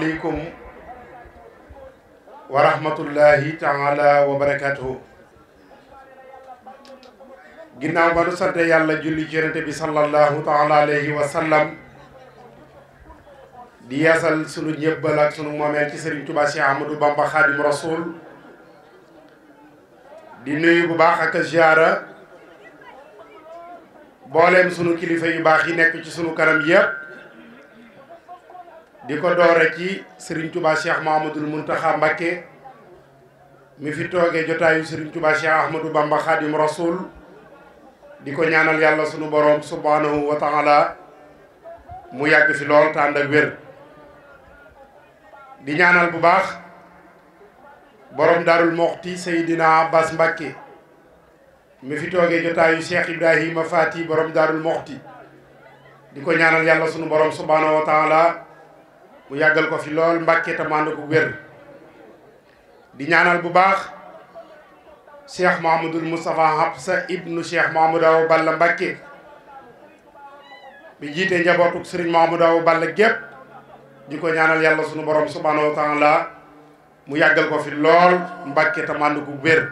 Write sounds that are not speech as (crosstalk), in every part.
aleykum wa rahmatullahi taala wa barakatuhu ginnaaw ba nu sante yàlla julli jërante bi sallallahu taala alayhi wa sallam di yeesal sunu njëbbal ak sunu moomeel ci sëriñ Tuubaa Cheikh Ahmadou Bamba Xaadim Rasul di nuyu bu baax ak ziara booleem sunu kilifa yu baax yi nekk ci sunu kanam yépp di ko doore ci Serigne Touba Cheikh Mahamadul Muntaxa Mbakke mi fi toogee jotaayu Serigne Touba Cheikh Ahmadou Bamba Khadim Rasoul di ko ñaanal yàlla sunu borom subhanahu wa taala mu yàgg fi lool tànd ak wér di ñaanal bu baax borom Darou Mokhti Seydina Abbas Mbakke mi fi toogee jotaayu Cheikh Ibrahima Fati borom Darou Mokhti di ko ñaanal yàlla sunu borom subhanahu wa mu yàggal ko fi lool mbàkke te mànd ko di ñaanal bu baax cheikh mohamadul moustapha habsa ibnu cheikh mohamadou awa balla mbàkke bi jiite njabootuk sëriñ mohamadou awa balla gépp di ko ñaanal yàlla sunu borom subhanahu wa taala mu yàggal ko fi lool mbàkke te mànd ko wér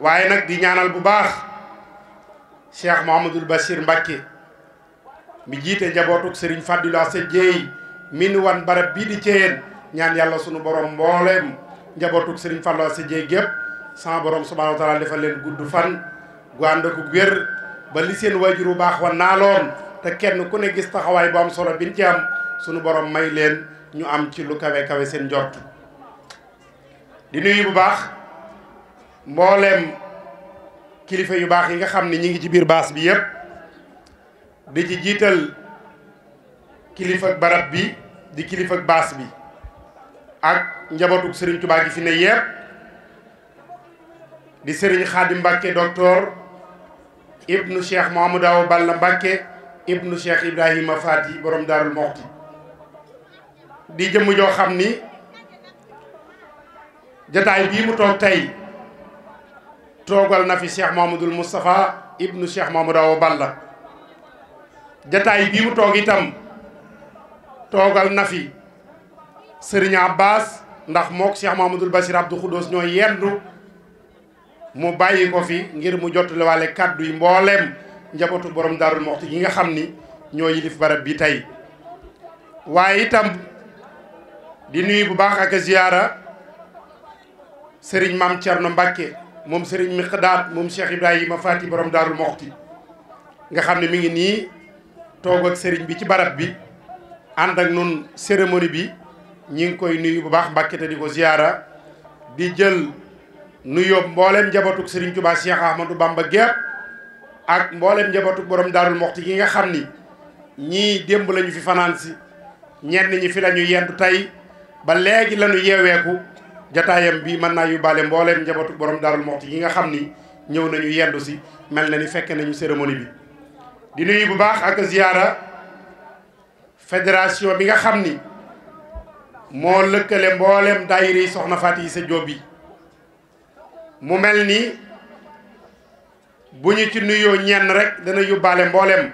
waaye nag di ñaanal bu baax cheikh mohamadul bachir mbàkke bi jiite njabootuk sëriñ fàdula sa jeey min wan barab bii di Thiéyène ñaan yàlla sunu borom mbooleem njabootug Serigne Fallou Asse Dieye gépp sama boroom subhanahu wa defal leen gudd fan gu ànd ak wér ba li seen waajur bu baax wan naa loon te kenn ku ne gis taxawaay bu solo biñ ci am sunu borom may leen ñu am ci lu kawe kawe seen njort di nuyu bu baax mbooleem kilifa yu baax yi nga xam ni ñi ngi ci biir baas bi yépp di ci jiital kilifa barab bi di kilifa baas bi ak njabootu sëriñ Tuubaa gi fi ne yépp di sëriñ Xaadim Mbàkke docteur ibnu cheikh Mouhamadou Awa Balla Mbàkke ibnu cheikh Ibrahima Faati borom Daarul Moxti di jëmm joo xam ni jataay bii mu toog tey toogal na fi cheikh Mouhamadoul mustafa ibnu cheikh Mouhamadou Awa Balla jataay bii mu toog itam toogal na fi sëriñaa Abbas ndax mook Cheikh Mahamadul Bachir Abdou Khoudous ñoo yendu mu bàyyi ko fi ngir mu jottaliwaale kàddu yi mbooleem njabootu borom daarul moxti yi nga xam ni ñoo yilif barab bi tey waaye itam di nuyu bu baax ak a ziyaara sëriñ maam Thierno Mbacke moom sëriñ Miqdaat moom Cheikh Ibrahima Faati borom daarul moxti nga xam ne mi ngi nii toog sëriñ bi ci barab bi ànd ak nun cérémonie bi ñi ngi koy nuyu bu baax Mbàkke di ko ziyaara di jël nuyoo mbooleem njabootug Sëriñ Tuubaa Cheikh Ahmadou Bamba gépp ak mbooleem njabootug borom Daarul Moxti gi nga xam ni ñii démb lañu fi fanaan si ñenn ñi fi lañu yendu tey ba léegi lañu yeeweeku jataayam bi mën naa yóbbaale mbooleem njabootug borom Daarul Moxti gi nga xam ni ñëw nañu yendu si mel na ni fekke nañu cérémonie bi di nuyu bu baax ak ziyaara fédération bi nga xam ni moo lëkkale mboolem daayira yi soxna Faty Isse Diop yi mu mel ni bu ñu ci nuyoo ñenn rek dana yóbbaale mboolem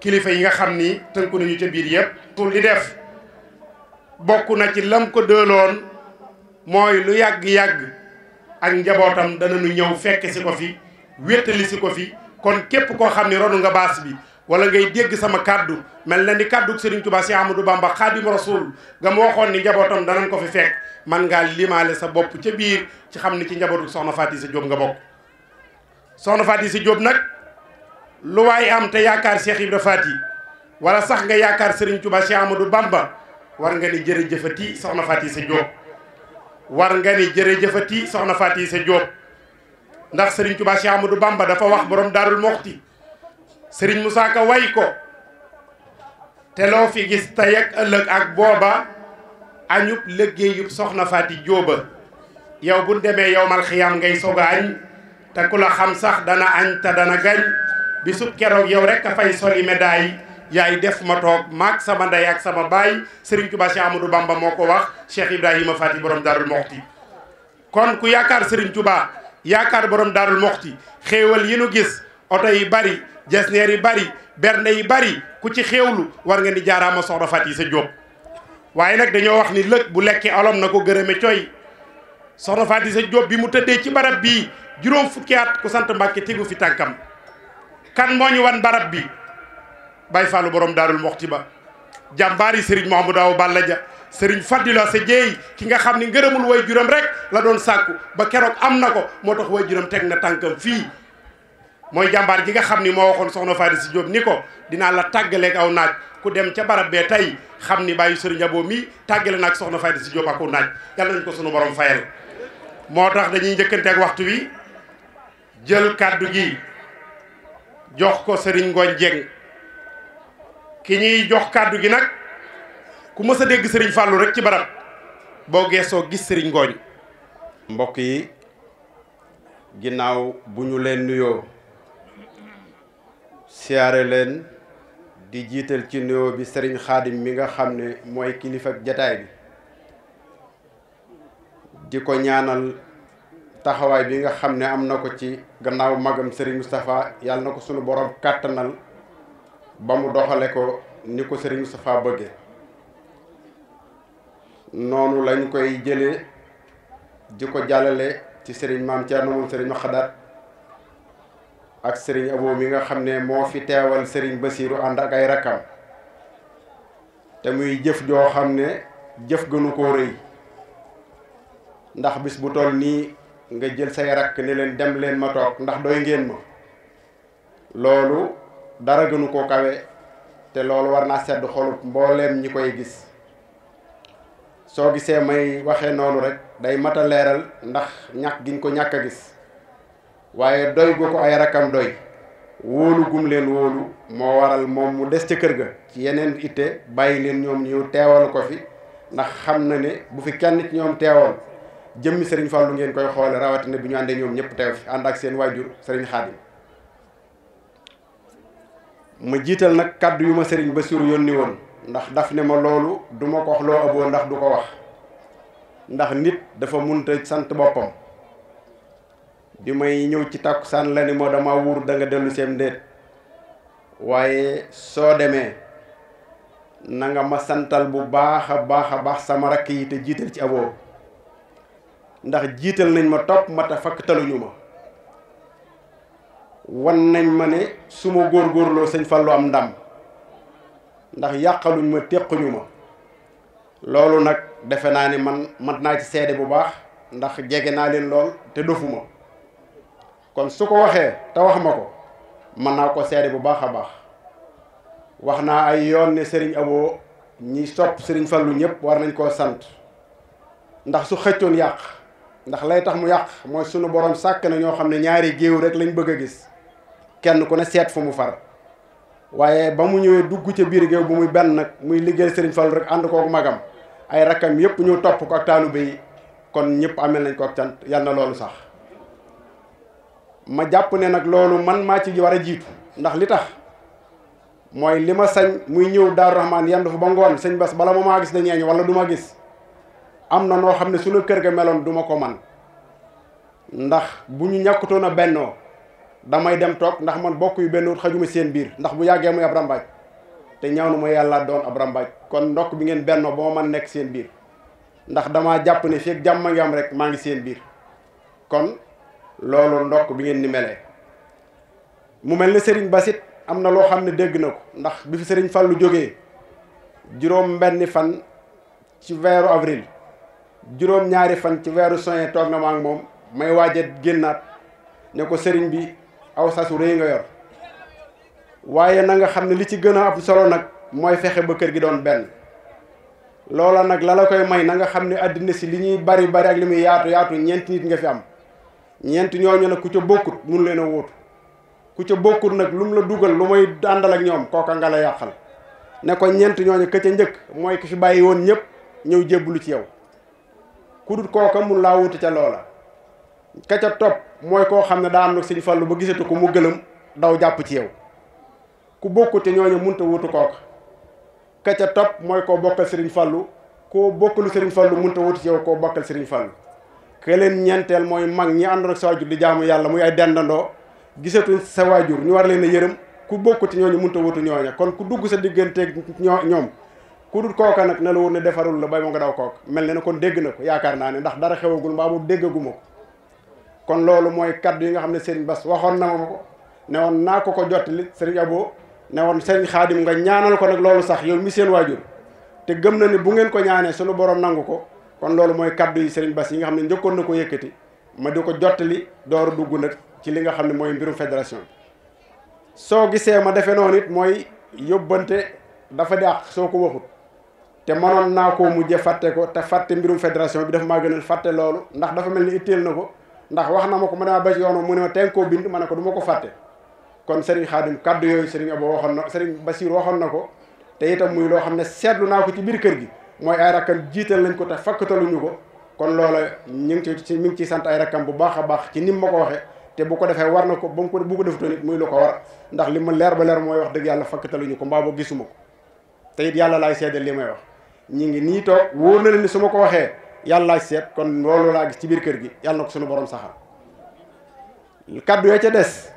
kilifa yi nga xam ni tënku nañu ca biir yëpp. pour li def bokk na ci lam ko dëloon mooy lu yàgg-yàgg ak njabootam danañu ñëw fekk si ko fi wéttali si ko fi kon képp koo xam ni ronu nga baas bi. wala ngay dégg sama kàddu mel na ni kàddu Serigne Touba si Amadou Bamba xaadim rasul nga mu waxoon ni njabootam danañ ko fi fekk man ngaa limaale sa bopp ca biir ci xam ni ci njabootu soxna Faty Issé Diop nga bokk. soxna Faty nag lu am te yaakaar Cheikh Ibra Faty wala sax nga yaakaar Serigne Touba si Amadou Bamba war nga ni jërëjëfati soxna Faty Issé Diop. war nga ni soxna Faty Issé Diop ndax Serigne Touba si Amadou Bamba dafa wax borom daarul moxti sëriñ Moussa Ka way ko te loo fi gis tey ak ëllëg ak booba añub liggéeyub soxna Faati Jóoba yow bu demee yow mal xiyaam ngay soog a añ te ku la xam sax dana añ te dana gañ bi sub keroog yow rek a fay soli médaille yaay def ma toog maag sama ndey ak sama baay Serigne Touba Cheikh Amadou Bamba moo ko wax Cheikh Ibrahima Faati borom Daarul Moxti kon ku yaakaar Serigne Touba yaakaar borom Daarul Moxti xéewal yi nu gis oto yi bari jesneer yi bari bernde yi bari ku ci xéewlu war nga ni jaaraama soxna Faty Issa Diop waaye nag dañoo wax ni lëg bu lekkee aloom na ko gërëme coy soxna Faty Issa Diop bi mu tëddee ci barab bii juróom fukki ku sant Mbàkke tegu fi tànkam kan moo ñu wan barab bi bay Fallou borom daarul moxti ba jàmbaari Serigne Mouhamadou Awa Balla Dia Serigne Fadila sa jeey ki nga xam ni ngërëmul way juram rek la doon sàkku ba keroog am na ko moo tax way juram teg na tànkam fii mooy jàmbaar ji nga xam ni moo waxoon soxna Faati Si Jóob ni ko dinaa la tàggaleeg aw naaj ku dem ca barab bee tey xam ni bàyyi sëriñ Abo mi tàggale naag soxna Faati Si Jóob ak aw naaj yàlla nañ ko sunu borom fayal moo tax dañuy njëkkanteeg waxtu wi jël kàddu gi jox ko sëriñ Ngooñ Jeng ki ñuy jox kàddu gi nag ku mës a dégg sëriñ Fàllu rek ci barab boo geesoo gis sëriñ Ngooñ mbokk yi ginnaaw bu ñu leen nuyoo siyaare leen di jiital ci nuyoo bi sëriñ xaadim mi nga xam ne mooy kilifa ak jataay bi di ko ñaanal taxawaay bi nga xam ne am na ko ci gannaaw magam sëriñ Moustapha yàlla na ko sunu borom kàttanal ba mu doxale ko ni ko sëriñ Moustapha bëgge noonu lañ koy jëlee di ko jàllale ci sëriñ maam Thierno moom sëriñ Maxadaat ak sëriñ Abo mi nga xam ne moo fi teewal sëriñ Basiiru ànd ak ay rakkam te muy jëf joo xam ne jëf gënu koo rëy ndax bis bu toll nii nga jël say rakk ne leen dem leen ma toog ndax doy ngeen ma loolu dara gënu ko kawe te loolu war naa sedd xolub mbooleem ñi koy gis soo gisee may waxee noonu rek day mat a leeral ndax ñàkk giñ ko ñàkk a gis waaye doy gu ko ay rakam doy wóolu gum wóolu moo waral moom mu des ca kër ga ci yeneen itte bàyyi leen ñoom ñu teewal ko fi ndax xam na ne bu fi kenn ci ñoom teewal jëmmi sëriñ lu ngeen koy xoole rawatina bi ñu àndee ñoom ñëpp teew fi ànd ak seen waajur sëriñ Xaadim ma jiital nag kàddu yu ma sëriñ ba Bassirou yónni woon ndax daf ne ma loolu du ma ko loo aboo ndax du ko wax ndax nit dafa munta sant boppam bi may ñëw ci tàkkusaan la ni moo dama wuur danga nga dellu seem ndéet waaye soo demee nanga ma santal bu baax a baax a baax sama rakk yi te jiital ci aboo ndax jiital nañ ma topp ma te fakk taluñu ma wan nañ ma ne su ma góorgóorloo sëñ Fallu am ndam ndax yàqaluñ ma téquñu ma loolu nag defe naa ne man mat naa ci seede bu baax ndax jege naa leen lool te ma kon su ko waxee te wax ma ko mën naa ko seede bu baax a baax wax naa ay yoon ne sëriñ Abo ñi sopp Serigne Fallou ñëpp war nañ koo sant ndax su xëccoon yàq ndax lay tax mu yàq mooy sunu borom sàkk na ñoo xam ne ñaari géew rek lañ bëgg a gis kenn ku ne seet fu mu far waaye ba mu ñëwee dugg ca biir géew bu muy benn nag muy liggéeyal Serigne Fallou rek ànd kooku magam ay rakkam yëpp ñëw topp ko ak taalibe yi kon ñëpp amel nañ ko ak cant yal na loolu sax. ma jàpp ne nag loolu man maa ci war a jiitu ndax li tax mooy li ma sañ muy ñëw Daaru Rahman yendu fa ba ngoon sëñ Bass bala ma maa gis dañeeñ wala du ma gis am na noo xam ne suñu kër gi meloon du ma ko man ndax bu ñu ñàkkutoon a bennoo damay dem toog ndax man bokk yu benn wut xajuma seen biir ndax bu yàggee muy ab rambaaj te ñaaw na ma yàlla doon ab rambaaj kon ndokk bi ngeen bennoo ba ma mën nekk seen biir ndax dama jàpp ne fii ak rek maa ngi seen biir loolu ndokk bi ngeen di melee mu mel ne sëriñ basit am na loo xam ne dégg na ko ndax bi fi sëriñ Fallou jógee juróom benni fan ci weeru avril juróom ñaari fan ci weeru juin toog na ma ak moom may waaja génnaat ne ko sëriñ bi aw sasu rëy nga yor waaye nanga xam ne li ci gën a am solo nag mooy fexe ba kër gi doon benn loola nag la la koy may na nga xam ne àddina si li ñuy bari bari ak li muy yaatu yaatu ñeenti nit nga fi am ñeent ñooñu nag ku ca bokkut mun leen a wóotu ku ca bokkut nag lu mu la dugal lu may àndal ak ñoom kooka nga la yàqal ne ko ñeent ñooñu ka ca njëkk mooy ki fi bàyyi woon ñëpp ñëw jébbalu ci yow ku dul kooka mun laa wuti ca loola ka ca topp mooy koo xam ne daa am nag sëñ Fallu ba gisatu ko mu gëlëm daw jàpp ci yow ku bokkut ca ñooñu munte wutu kooka ka ca topp mooy koo bokkal sëriñ Fallu koo bokkalu sëriñ Fallu munta wuti ci yow koo bokkal sëriñ Fallu ke leen ñeenteel mooy mag ñi àndoon ak sa waajur di jaamu yàlla muy ay dendandoo gisatuñ sa waajur ñu war leen a yërëm ku bokk ci ñooñu munta a wutu ñooña kon ku dugg sa digganteeg ñoo ñoom ku dul kooka nag ne la wóor ne defarul la bay moo nga daw kook mel ne na kon dégg na ko yaakaar naa ne ndax dara xewagul mbaa boobu déggaguma ko kon loolu mooy kaddu yi nga xam ne seen Bass waxoon na ma ko ne woon naa ko ko jottali sëriñ Abo ne woon sëriñ Xaadim nga ñaanal ko nag loolu sax yow mi seen waajur te gëm na ni bu ngeen ko ñaanee sunu borom nangu ko kon loolu mooy kaddu yi Serigne Bass yi nga xam ne njëkkoon na ko yëkkati ma di ko jottali door dugg nag ci li nga xam ne mooy mbirum fédération bi soo gisee ma defee noonu it mooy yóbbante dafa di àq soo ko waxut te manoon naa koo mujje fàtte ko te fàtte mbirum fédération bi dafa maa gënal fàtte loolu ndax dafa mel ni itteel na ko ndax wax na ma ko ma demaa ba ci yoonu mu ne ma koo bind ma ne ko duma ko fàtte kon Serigne Khadim kaddu yooyu Serigne Abo waxoon na Serigne Bassir waxoon na ko te itam muy loo xam ne seetlu naa ko ci biir kër gi mooy ay rakkam jiital nañ ko te fakkataluñu ko kon loola ñu ngi ci mi ngi ciy sant ay rakkam bu baax a baax ci nim ma ko waxee te bu ko defee war na ko ba mu ko bu ko muy lu ko war ndax li ma leer ba leer mooy wax dëgg yàlla fakkataluñu ko mbaa gisuma ko te yàlla laay seedal li may wax ñu ngi nii toog wóor na leen su ma ko waxee yàlla laay seet kon loolu laa gis ci biir kër gi yàlla na ko suñu borom saxal kaddu ya ca des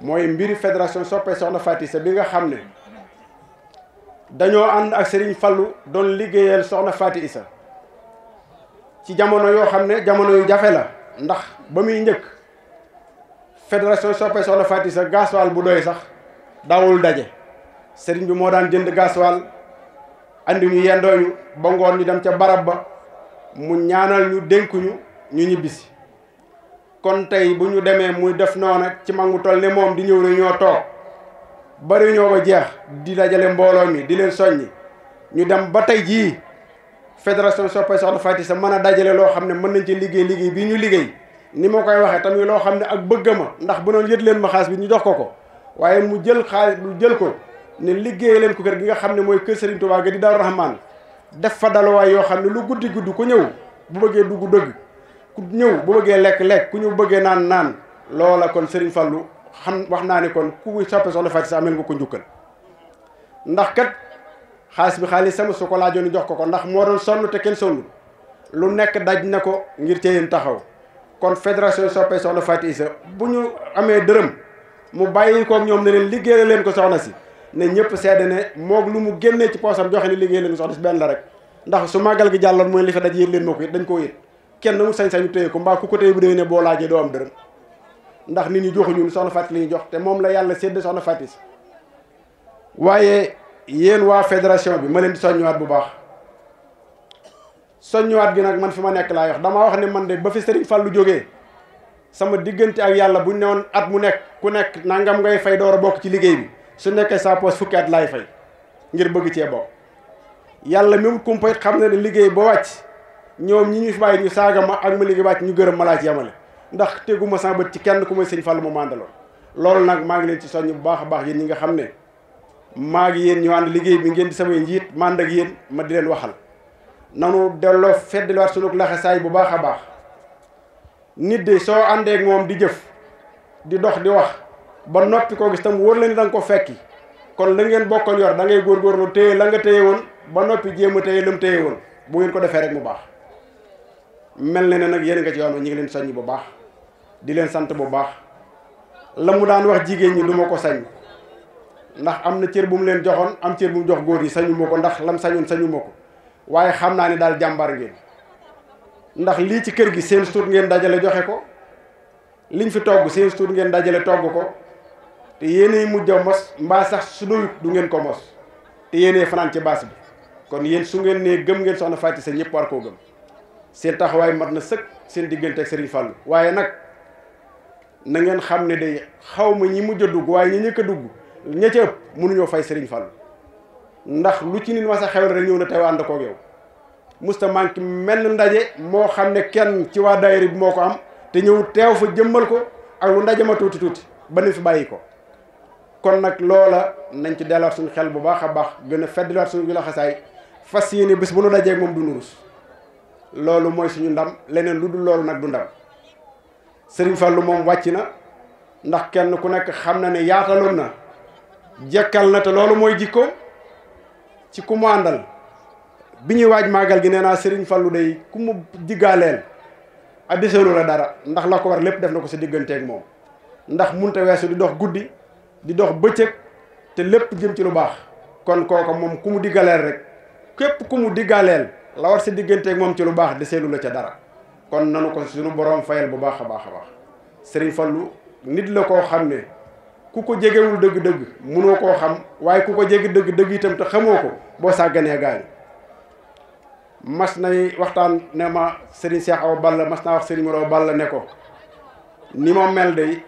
mooy mbiri fédération soppe soxna Faty Isse bi nga xam ne dañoo ànd ak sëriñ Fallou doon liggéeyal soxna Faati ci jamono yoo xam ne jamono yu jafe la ndax ba muy njëkk fédération soppe soxna Faati Isa gasoil bu doy sax daawul daje sëriñ bi moo daan jënd gasoil andi ñu yendooñu ba ngoon ñu dem ca barab ba mu ñaanal ñu dénkuñu ñu ñibbisi kon tey bu ñu demee muy def noona ci mag mu toll ne moom di ñëw ne ñoo toog bari ñoo ba jeex di dajale mbooloo mi di leen soññi ñu dem ba tey jii fédération soppay soxna Faty sa mën a dajale loo xam ne mën nañ ci liggéey liggéey bi ñu liggéey ni ma koy waxee tamit loo xam ne ak bëgg ma ndax bu noonu yët leen ma xaalis bi ñu jox ko ko waaye mu jël xaalis mu jël ko ne liggéey leen ko kër gi nga xam ne mooy kër Serigne Touba ga di Daaru Rahman def fa daluwaay yoo xam ne lu guddi gudd ku ñëw bu bëggee dugg dëgg ku ñëw bu bëggee lekk lekk ku ñëw bëggee naan naan loola kon Serigne Fallou xam wax naa ne kon ku soppe soxna Faty Sarr mel nga ko njukkal ndax kat xaalis bi xaalis sama su ko laajoon jox ko ko ndax moo doon sonn te kenn sonnul lu nekk daj na ko ngir téyeen taxaw kon fédération soppe soxna Faty Sarr bu ñu amee dërëm mu bàyyi koog ñoom ne leen liggéey leen ko soxna si ne ñëpp seede ne moog lu mu génnee ci poosam joxe ne liggéey leen ko soxna si benn la rek ndax su màggal gi jàlloon mooy li fa daj leen moo ko kenn mu sañ-sañu téye ko mbaa ku ko téye bu boo laajee doo am ndax nit ñi joxu ñun soxna Faty li jox te moom la yàlla sédd soxna Faty waaye yéen waa fédération bi ma leen di soññuwaat bu baax soññuwaat bi nag man fi ma nekk laa yox damaa wax ne man de ba fi Serigne lu jógee sama diggante ak yàlla bu ñu newoon at mu nekk ku nekk nangam ngay fay door a bokk ci liggéey bi su nekkee sa poos fukki at laay fay ngir bëgg cee bokk yàlla même kumpa xam na ne liggéey ba wàcc ñoom ñi ñu fi bàyyi ñu saaga ma ak ma liggéey ñu gërëm ma laa ndax teguma sama bët ci kenn ku may sëñ Fallou mu màndaloon loolu nag maa ngi leen ci soññ bu baax a baax yéen ñi nga xam ne maa ngi yéen ñu ànd liggéey bi ngeen di samay njiit mànd ak yéen ma di leen waxal nanu delloo feddliwaat sunug laxasaay bu baax a baax nit de soo àndee ak moom di jëf di dox di wax ba noppi koo gis tam wóor la ni da nga ko fekki kon la ngeen bokkoon yor da ngay góorgóorlu téye la nga téye woon ba noppi jéem a téye la mu téye woon bu ngeen ko defee rek mu baax mel na ne nag yéen nga ci yoon ñu ngi leen soññi bu baax di leen sant bu baax la mu daan wax jigéen ñi lu ma ko sañ ndax am na cër bu mu leen joxoon am cër bu mu jox góor yi sañu ma ko ndax lam sañoon sañu ma ko waaye xam naa ne daal jàmbar ngeen ndax lii ci kër gi seen suut ngeen dajale joxe ko liñ fi togg seen suut ngeen dajale togg ko te yéenay mujj a mos mbaa sax su doyut du ngeen ko mos te yéenay fanaan ci baas bi kon yéen su ngeen nee gëm ngeen soxna Faty Seye ñëpp war koo gëm seen taxawaay mat na sëkk seen diggante ak Serigne Fallou waaye nag na ngeen xam ne day xaw ma ñi mujj a dugg waaye ñi ñëkk a dugg ña ca ëpp mënuñoo fay Serigne Fallou ndax lu ci nit ma sa xewal rek ñëw na teew ànd koog yow musta manque mel ndaje moo xam ne kenn ci waa daayira bi moo ko am te ñëw teew fa jëmmal ko ak lu ndaje ma tuuti tuuti ba ni fi bàyyi ko kon nag loola nañ ci dellaat suñu xel bu baax a baax gën a feddilaat suñu laxasaay fas yéene bés bu nu moom du nu rus loolu mooy suñu ndam leneen lu dul loolu nag du sëriñ Fallou moom wàcc na ndax kenn ku nekk xam na ne yaataloon na jekkal na te loolu mooy jikko ci ku mu àndal bi ñuy waaj màggal gi nee naa sëriñ Fallou day ku mu diggaaleel addiseelu la dara ndax la ko war lépp def na ko sa digganteeg moom ndax munta weesu di dox guddi di dox bëccëg te lépp jëm ci lu baax kon kooka moom ku mu diggaaleel rek képp ku mu diggaaleel la war sa digganteeg moom ci lu baax deseelu la ca dara kon nanu ko suñu borom fayal bu baax a baax a baax Serigne Fallou nit la koo xam ne ku ko jegewul dëgg-dëgg mënoo koo xam waaye ku ko jege dëgg-dëgg itam te xamoo ko boo sàgganee gaañ mas nay waxtaan ne ma Serigne Cheikh Awa Balla mas naa wax Serigne Mouraw Balla ne ko ni ma mel de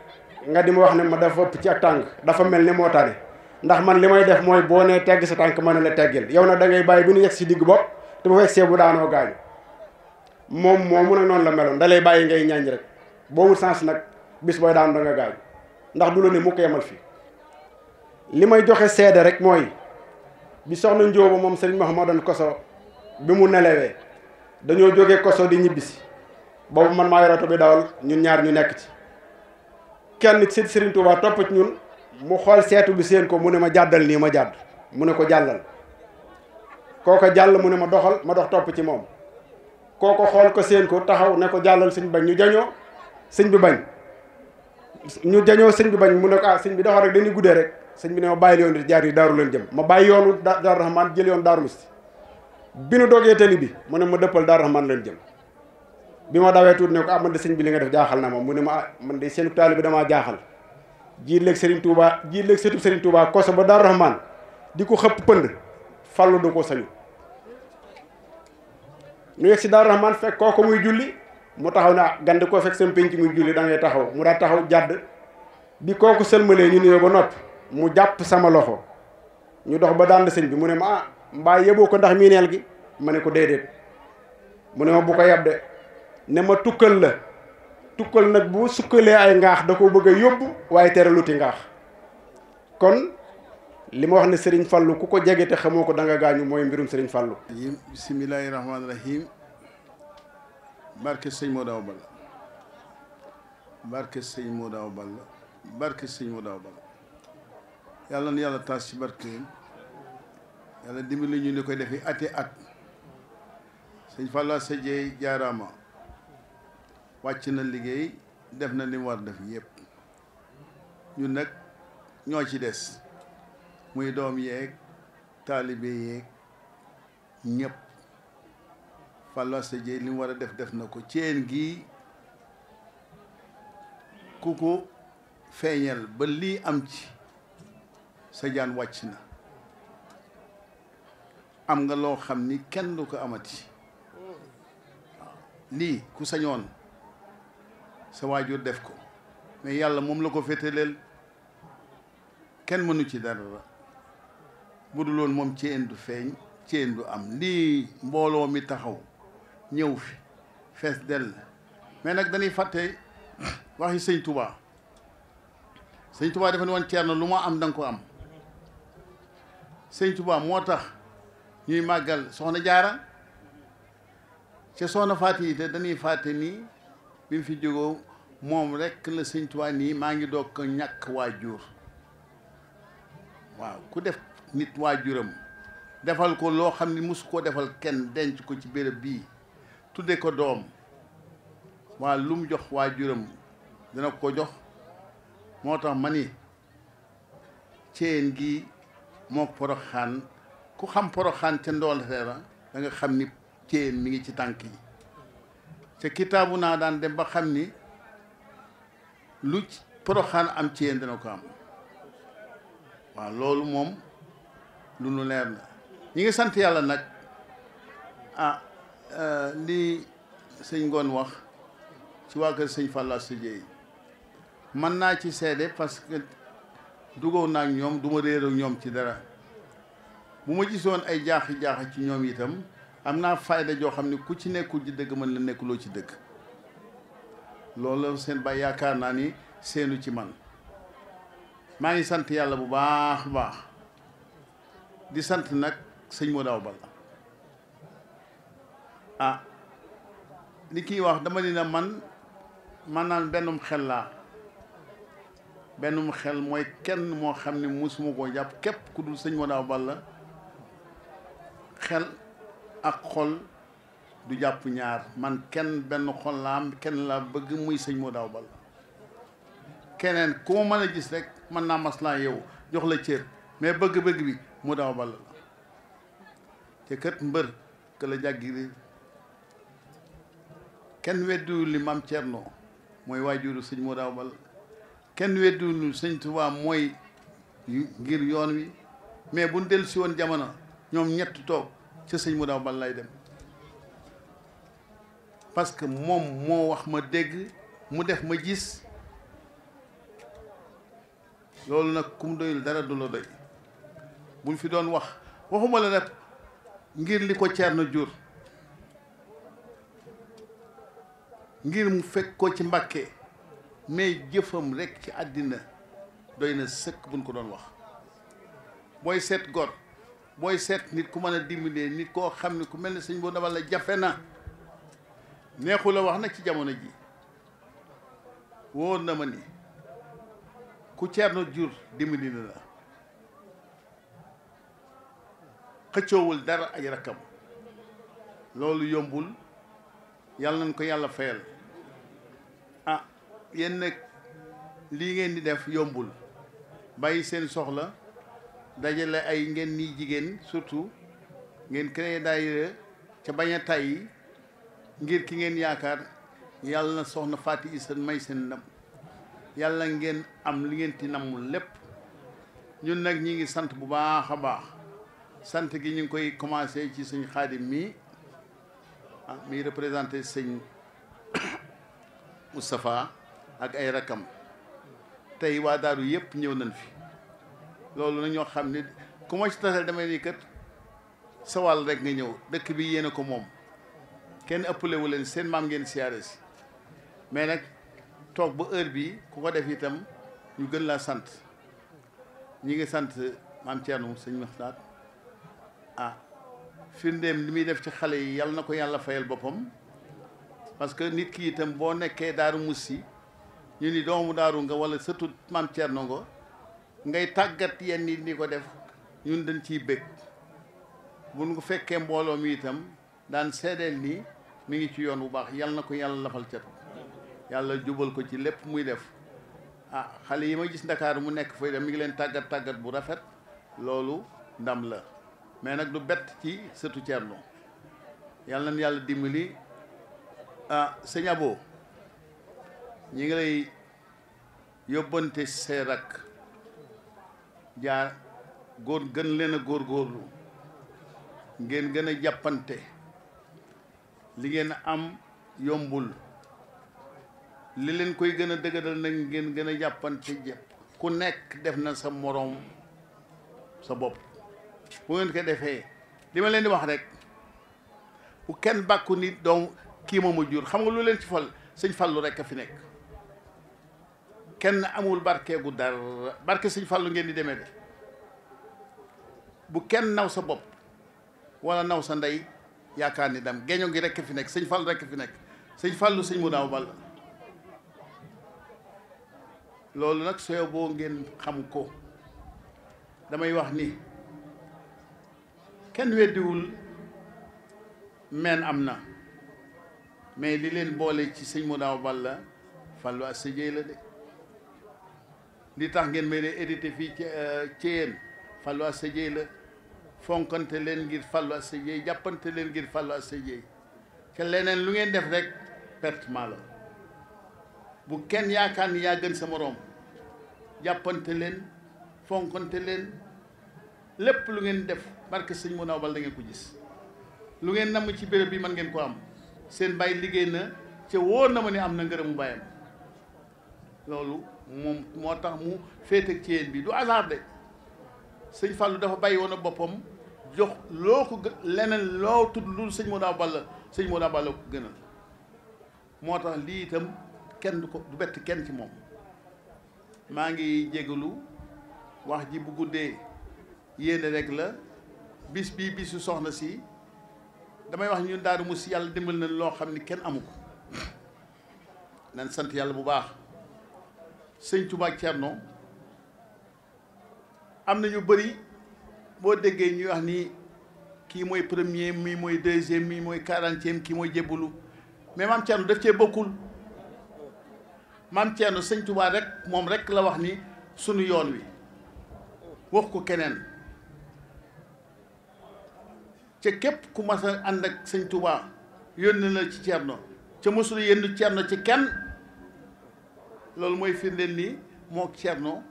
nga di ma wax ne ma dafa ëpp ci ak tànk dafa mel ni moo tane ndax man li may def mooy boo nee tegg sa tànk mën na la teggil yow na da ngay bàyyi bu nu yegg si digg bopp te bu fekkee bu daanoo gaañu. moom moomu nag noonu la meloon da lay bàyyi ngay ñaañ rek boobu sens nag bis booy daan da nga ndax du la ne mu ko fii li may joxe seede rek mooy bi soxna Njóoba moom sëriñ Mouhamadou Koso bi mu nelewee dañoo jóge Koso di ñibbisi boobu man maa yorooto bi dawal ñun ñaar ñu nekk ci kenn ci sëriñ Touba topp ci ñun mu xool seetu bi seen ko mu ne ma jàddal nii ma jàdd mu ne ko jàllal kooko jàll mu ne ma doxal ma dox topp ci moom kooko xool ko seen ko taxaw ne ko jàllal sëñ bañ ñu jañoo sëñ bi bañ ñu jañoo sëñ bi bañ mu ne ah sëñ bi dafa rek dañuy guddee rek sëñ bi ne ma bàyyi yoon di jaar yi daaru leen jëm ma bàyyi yoonu daaru rahman jël yoon daaru musti bi nu dogee tali bi mu ne ma dëppal daaru rahman leen jëm bi ma dawee tuuti ne ko ah man de sëñ bi li nga def jaaxal na ma mu ne ma ah man de seen taali bi damaa jaaxal jii léeg Serigne tuubaa jii léeg sëtu Serigne Touba koso ba daaru rahman di ko xëpp pënd fallu du ko sañu nu yegg si Daaru Rahman fekk ko muy julli mu taxaw ne ah gande koo fekk seen penc muy julli da taxaw mu daal taxaw jàdd bi kooku sëlmalee ñu nuyoo ba noppi mu jàpp sama loxo ñu dox ba dànd sëñ bi mu ne ma ah mbaa yeboo ko ndax miineel gi ma ne ko déedéet mu ne ma bu ko yab de ne ma tukkal la tukkal nag bu sukkalee ay ngaax da ko bëgg a yóbbu waaye tere luti ngaax kon li ma wax ne sëriñ Fallou ku ko jege te xamoo ko da nga gaañu mooy mbirum Serigne Fallou. yim bisimilahi rahmaani rahim barke sëñ moo daaw balla barke sëñ moo daaw balla sëñ moo yàlla na yàlla taas ci barkeem yàlla dimbali ñu ni koy defee ati at sëñ Fallou sa jeey jaaraama wàcc na liggéey def na li mu war def yëpp ñun nag ñoo ci des muy doom yeeg taalibe yeeg ñëpp fàllase jëy li mu war a def def na ko ceen gi ku ko feeñal ba lii am ci sa jaan wàcc na am nga loo xam ni kenn lu ko amati lii ku sañoon sa waajur def ko mais yàlla moom la ko féetaleel kenn mënu ci dara bu dul woon moom Thiéyène du feeñ Thiéyène du am lii mbooloo mi taxaw ñëw fi fees dell mais nag dañuy fàtte waxi sëñ Touba sëñ Touba dafa ne woon Ceerno lu ma am danga ko am sëñ Touba moo tax ñuy màggal soxna jaara ca soxna fàtte yi te dañuy fàtte nii bi mu fi jógoo moom rekk la sëñ Touba nii maa ngi doog ko ñàkk waa jur waaw ku def nit waa waajuram defal ko loo xam ni mosu koo defal kenn denc ko ci béréb bii tudde ko doom waa lu mu jox waajuram dina ko jox moo tax ma ni ceen gi mook poroxaan ku xam poroxaan ca ndooltee la da xam ni ceen mi ngi ci tànk yi te kitaabu naa daan dem ba xam ni lu poroxaan am ceen dina ko am waaw loolu moom lu nu leer la ñi ngi sant yàlla nag ah euh, li sëñ ngoon wax ci waa kër sëñ Fallou Asta Dieye man naa ci seede parce que duggoon naa ak ñoom duma ma ñoom ci dara bu ma gisoon ay jaaxi jaaxi ci ñoom itam am naa fayda joo xam ne ku ci nekkul ci dëgg mën la nekkuloo ci dëgg loolu seen bàyyi yaakaar naa ni seenu ci man maa ngi sant yàlla bu baax baax di sant nag sëñ moo daaw la ah li kiy wax dama ni na man man naan bennum xel laa bennum xel mooy kenn moo xam ne mosuma koo jàpp képp ku dul sëñ moo daaw Balla xel ak xol du jàpp ñaar man kenn benn xol laa am kenn laa bëgg muy sëñ moo daaw Balla keneen ku ma mën a gis rek mën naa mas maslaa yow jox la cër mais bëgg-bëgg bi mu dama ball la te mbër que la jàggi kenn weddiwul li mam Thierno mooy waajuru sëñ moo daaw bal kenn weddiwul sëñ Tuubaa mooy ngir yoon wi mais buñ dellu si woon jamono ñoom ñett toog ca sëñ moo daaw bal lay dem parce que moom moo wax ma dégg mu def ma gis loolu nag kum doyul dara du la doy buñ fi doon wax waxuma la nag ngir li ko Thierno jur ngir mu fekk ko ci Mbàkke mais jëfam rekk ci àddina doy na sëkk buñ ko doon wax booy seet góor booy seet nit ku mën a dimbalee nit koo xam ne ku mel ne sëñ boo dama la jafe na neexu la wax nag ci jamono ji wóor na ma ni ku Thierno jur dimbali na la xëccoowul dara ay rakkam loolu yombul yàlla nañ ko yàlla fayal ah yéen nag lii ngeen di def yombul bàyyi seen soxla dajale ay ngeen nii jigéen surtout ngeen créé daayira ca bañ a tàyyi ngir ki ngeen yaakaar yàlla na soxna Faty seen may seen ndam yàlla ngeen am li ngeen ti nammul lépp ñun nag ñi ngi sant bu baax a baax sant gi ñu ngi koy commencé ci sëñ xaadim mii ah mii représenté sëñ (coughs) Moustapha ak ay rakam tey waa daaru yëpp ñëw nañ fi loolu na ñoo xam ne ku ma ci tasal damay ni kat sa rek nga ñëw dëkk bi yéene ko moom kenn ëppalewu leen seen maam ngeen siyaare si mais nag toog ba heure bi ku ko def itam ñu gën laa sant ñi ngi sant maam Thierno sëñ Maxtaat ah firndeem li muy def ci xale yi yàlla na ko yàlla fayal boppam parce que nit ki itam boo nekkee daaru mussi ñu ni doomu daaru nga wala surtout maam nongo ngay tàggat yenn nit ni ko def ñun dañ ciy bëgg mun nu fekkee mbooloo mi itam daan seddeel ni mu ngi ci yoon bu baax yal na ko yàlla lafal cat yàlla jubal ko ci lépp muy def ah xale yi ma gis Ndakaaru mu nekk fay dem mi ngi leen tàggat tàggat bu rafet loolu ndam la mais nag du bett ci sëtu Thierno yàlla na yàlla dimbali ah sëñ Abo ñi ngi lay yóbbante see rakk jaar góor gën leen a góorlu ngeen gën a jàppante li ngeen am yombul li leen koy gën a dëgëral nag ngeen gën a jàppante jëpp ku nekk def na sa moroom sa bopp bu ngeen ko defee li ma leen di wax rek bu kenn bàkku ni donc kii ma jur xam nga lu leen ci fal sëñ fallu rek a fi nekk kenn amul barkeegu dara barke sëñ fallu ngeen di demee de bu kenn naw sa bopp wala naw sa ndey yaakaar ni dam geño gi rekk fi nekk sëñ fallu rekk fi nekk sëñ fallu sëñ mu daaw bal loolu nag sooy boo ngeen xam ko damay wax ni kenn weddiwul meen am na mais li leen boole ci sëñ Modou Awa Balla Fallou ak sëjee la de li tax ngeen may dee édité fii ci euh, yéen Fallou ak la fonkante leen ngir Fallou ak sëjee jàppante leen ngir Fallou ak sëjee ke leneen lu ngeen def rek perte ma bu kenn yaakaar ni yaa gën sa moroom jàppante leen fonkante leen lépp lu ngeen def barke sëñ mu naw bal da ko gis lu ngeen namm ci béréb bi mën ngeen ko am seen bàyyi liggéey na ca wóor na ma ne am na ngërëmu bàyyam loolu moom moo tax mu féete ak yéen bi du hasard de sëñ Fallou dafa bàyyi woon boppam jox loo ko leneen loo tudd lu sëñ Moda Balla sëñ Moda Balla ko gënal moo tax lii itam kenn du bett kenn ci moom maa ngi jégalu wax ji bu guddee. yéene rek la bis bii bisu soxna si damay wax ñun Daaru Muxti yàlla dimbal nañ loo xam ni kenn amu ko nan sant yàlla bu baax sëñ Tuubaa ak Cerno am na ñu bëri boo déggee ñuy wax ni kii mooy premier mi mooy deuxième mi mooy quarantième kii mooy jébbalu mais maam Cerno def cee bokkul maam Cerno sëñ Tuubaa rek moom rek la wax ni sunu yoon wi wax ko keneen ca képp ku mas a ànd ak sëñ Touba yónni na ci Thierno ca mosul yenn ceeb Thierno ca kenn loolu mooy firndeel nii moo Thierno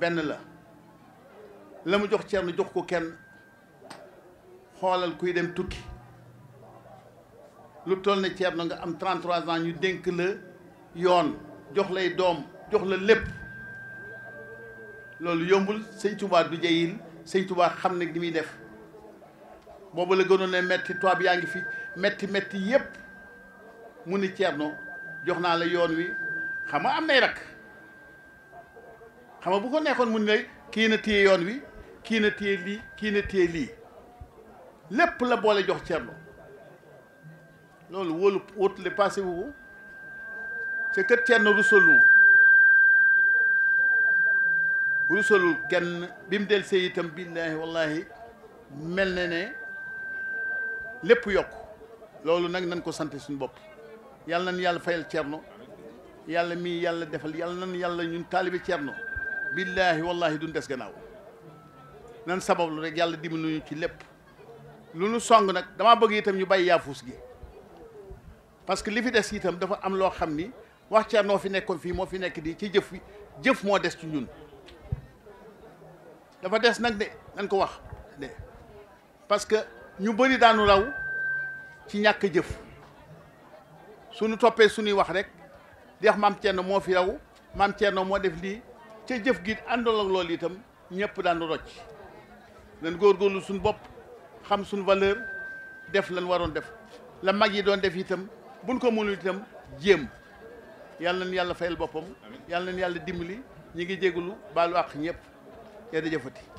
benn la la mu jox Thierno jox ko kenn xoolal kuy dem tukki lu toll ceeb Thierno nga am 33 ans ñu dénk la yoon jox lay doom jox la lépp loolu yombul sëñ Touba du jeyil sëñ Touba xam ne li muy def. boobu la gënoon ne metti toib yaa ngi fi metti metti yépp mu ni Thierno jox naa la yoon wi xam nga am nay rak xam nga bu ko nekkoon mu ne kii na téye yoon wi kii na téye lii kii na téye lii lépp la boole jox Thierno loolu wóolu wóotule passé wu ko c'est que Thierno rusalul rusalul kenn bi mu del see itam billaahi wallaahi mel na ne lépp yokk loolu nag nañ ko sant suñu bopp yàlla nañ yàlla fayal cerno yàlla mii yàlla defal yàlla nañ yàlla ñun taalibi cerno billaahi wallaahi duñ des gannaaw nan sabablu rek yàlla dimbali ñu ci lépp lu nu song nag dama bëgg itam ñu bàyyi yaafuus gi parce que li fi des itam dafa am loo xam ni wax Cerno fi nekkoon fii moo fi nekk di ci jëf jëf moo des ci ñun dafa des nag de nan ko wax de parce ñu bëri daanu raw ci ñàkk jëf sunu toppee suñuy wax rek di wax maam Thierno moo fi raw maam na moo def lii ca jëf gi àndoon ak loolu itam ñëpp daanu rocc leen góorgóorlu suñu bopp xam suñu valeur def lan waroon def la mag yi doon def itam buñ ko mënul itam jéem yàlla na yàlla fayal boppam yàlla na yàlla dimbali ñi ngi jégalu baalu àq ñëpp yaa di jëfati